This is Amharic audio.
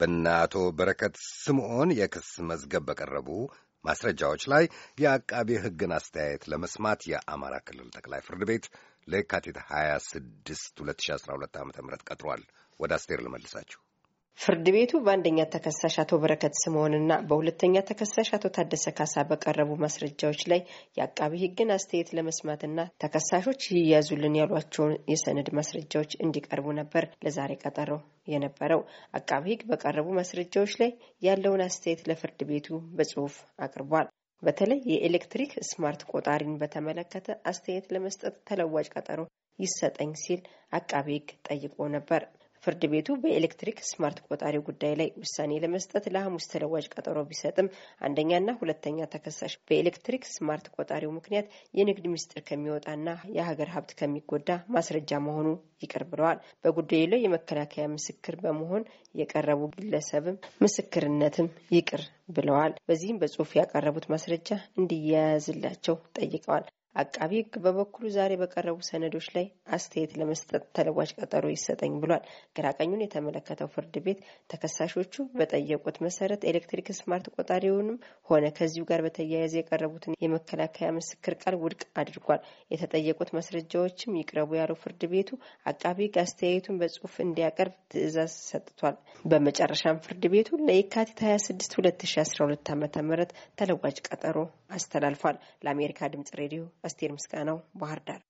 በእነ አቶ በረከት ስምዖን የክስ መዝገብ በቀረቡ ማስረጃዎች ላይ የአቃቤ ሕግን አስተያየት ለመስማት የአማራ ክልል ጠቅላይ ፍርድ ቤት ለየካቲት 26 2012 ዓ ም ቀጥሯል። ወደ አስቴር ልመልሳችሁ። ፍርድ ቤቱ በአንደኛ ተከሳሽ አቶ በረከት ስምኦንና በሁለተኛ ተከሳሽ አቶ ታደሰ ካሳ በቀረቡ ማስረጃዎች ላይ የአቃቢ ሕግን አስተያየት ለመስማትና ተከሳሾች ይያዙልን ያሏቸውን የሰነድ ማስረጃዎች እንዲቀርቡ ነበር ለዛሬ ቀጠሮ የነበረው። አቃቢ ሕግ በቀረቡ ማስረጃዎች ላይ ያለውን አስተያየት ለፍርድ ቤቱ በጽሁፍ አቅርቧል። በተለይ የኤሌክትሪክ ስማርት ቆጣሪን በተመለከተ አስተያየት ለመስጠት ተለዋጭ ቀጠሮ ይሰጠኝ ሲል አቃቢ ሕግ ጠይቆ ነበር። ፍርድ ቤቱ በኤሌክትሪክ ስማርት ቆጣሪ ጉዳይ ላይ ውሳኔ ለመስጠት ለሐሙስ ተለዋጭ ቀጠሮ ቢሰጥም አንደኛና ሁለተኛ ተከሳሽ በኤሌክትሪክ ስማርት ቆጣሪው ምክንያት የንግድ ምስጢር ከሚወጣና የሀገር ሀብት ከሚጎዳ ማስረጃ መሆኑ ይቅር ብለዋል። በጉዳዩ ላይ የመከላከያ ምስክር በመሆን የቀረቡ ግለሰብም ምስክርነትም ይቅር ብለዋል። በዚህም በጽሁፍ ያቀረቡት ማስረጃ እንዲያያዝላቸው ጠይቀዋል። አቃቢ ሕግ በበኩሉ ዛሬ በቀረቡ ሰነዶች ላይ አስተያየት ለመስጠት ተለዋጭ ቀጠሮ ይሰጠኝ ብሏል። ግራቀኙን የተመለከተው ፍርድ ቤት ተከሳሾቹ በጠየቁት መሰረት ኤሌክትሪክ ስማርት ቆጣሪውንም ሆነ ከዚሁ ጋር በተያያዘ የቀረቡትን የመከላከያ ምስክር ቃል ውድቅ አድርጓል። የተጠየቁት ማስረጃዎችም ይቅረቡ ያለው ፍርድ ቤቱ አቃቢ ሕግ አስተያየቱን በጽሁፍ እንዲያቀርብ ትዕዛዝ ሰጥቷል። በመጨረሻም ፍርድ ቤቱ ለየካቲት 26 2012 ዓ ም ተለዋጭ ቀጠሮ አስተላልፏል። ለአሜሪካ ድምጽ ሬዲዮ አስቴር ምስጋናው ባህር ዳር